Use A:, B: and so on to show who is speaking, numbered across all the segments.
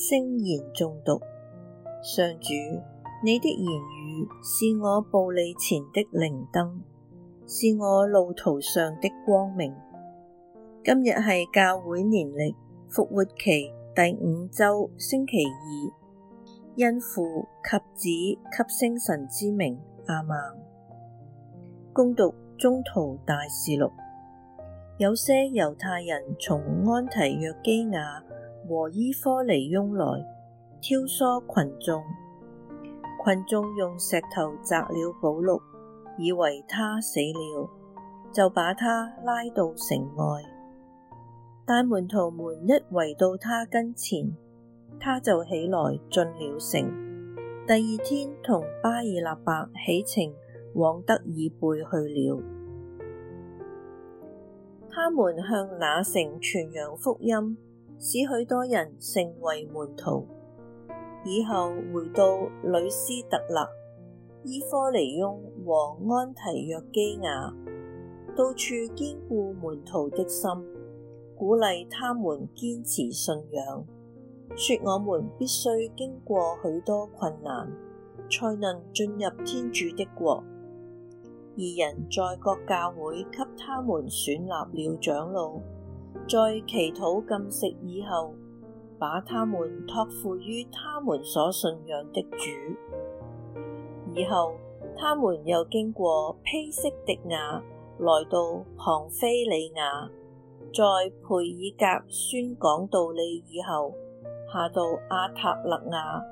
A: 聖言誦讀。上主，你的言語是我步履前的靈燈，是我路途上的光明。今日係教會年曆復活期第五周星期二，因父及子及聖神之名阿門。恭讀宗徒大事錄，有些猶太人從安提約基雅。和依科尼雍來挑唆群眾，群眾用石頭砸了保祿，以為他死了，就把他拉到城外。但門徒們一圍到他跟前，他就起來進了城。第二天同巴爾納伯起程往德爾貝去了。他們向那城傳揚福音。使許多人成為門徒，以後回到呂斯特辣、依科尼雍和安提約基雅，到處堅固門徒的心，鼓勵他們堅持信仰，說我們必須經過許多困難，才能進入天主的國。二人在各教會給他們選立了長老。在祈禱禁食以後，把他們託付於他們所信仰的主。以後，他們又經過丕息狄雅，來到旁非里雅，在培爾革宣講道理以後，下到阿塔肋雅，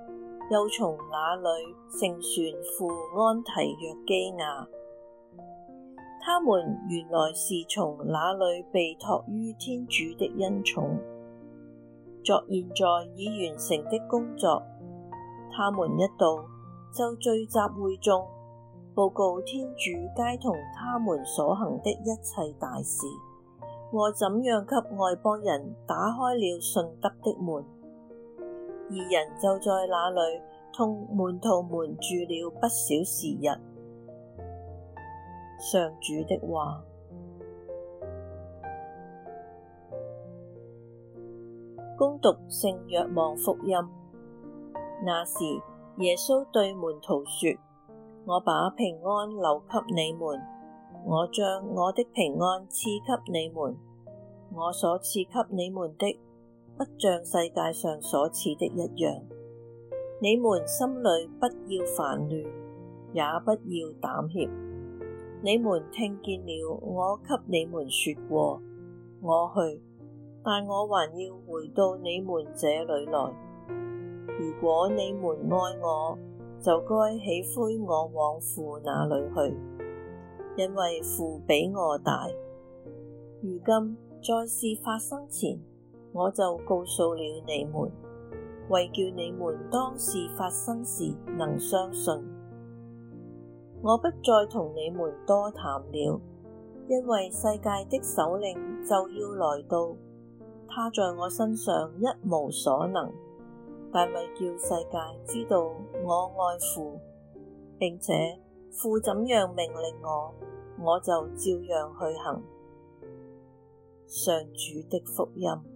A: 又從那裏乘船赴安提約基雅。他們原來是從那裏被託於天主的恩寵，作現在已完成的工作。他們一到，就聚集會眾，報告天主偕同他們所行的一切大事，和怎樣給外邦人打開了信德的門。二人就在那裏同門徒們住了不少時日。上主的話，恭讀聖若望福音。那時，耶穌對門徒說：我把平安留給你們，我將我的平安賜給你們，我所賜給你們的，不像世界上所賜的一樣。你們心裏不要煩亂，也不要膽怯。你們聽見了，我給你們說過，我去，但我還要回到你們這裏來。如果你們愛我，就該喜歡我往父那裏去，因為父比我大。如今在事發生前，我就告訴了你們，為叫你們當事發生時能相信。我不再同你們多談了，因為世界的首領就要來到，他在我身上一無所能，但為叫世界知道我愛父，並且父怎樣命令我，我就照樣去行。上主的福音。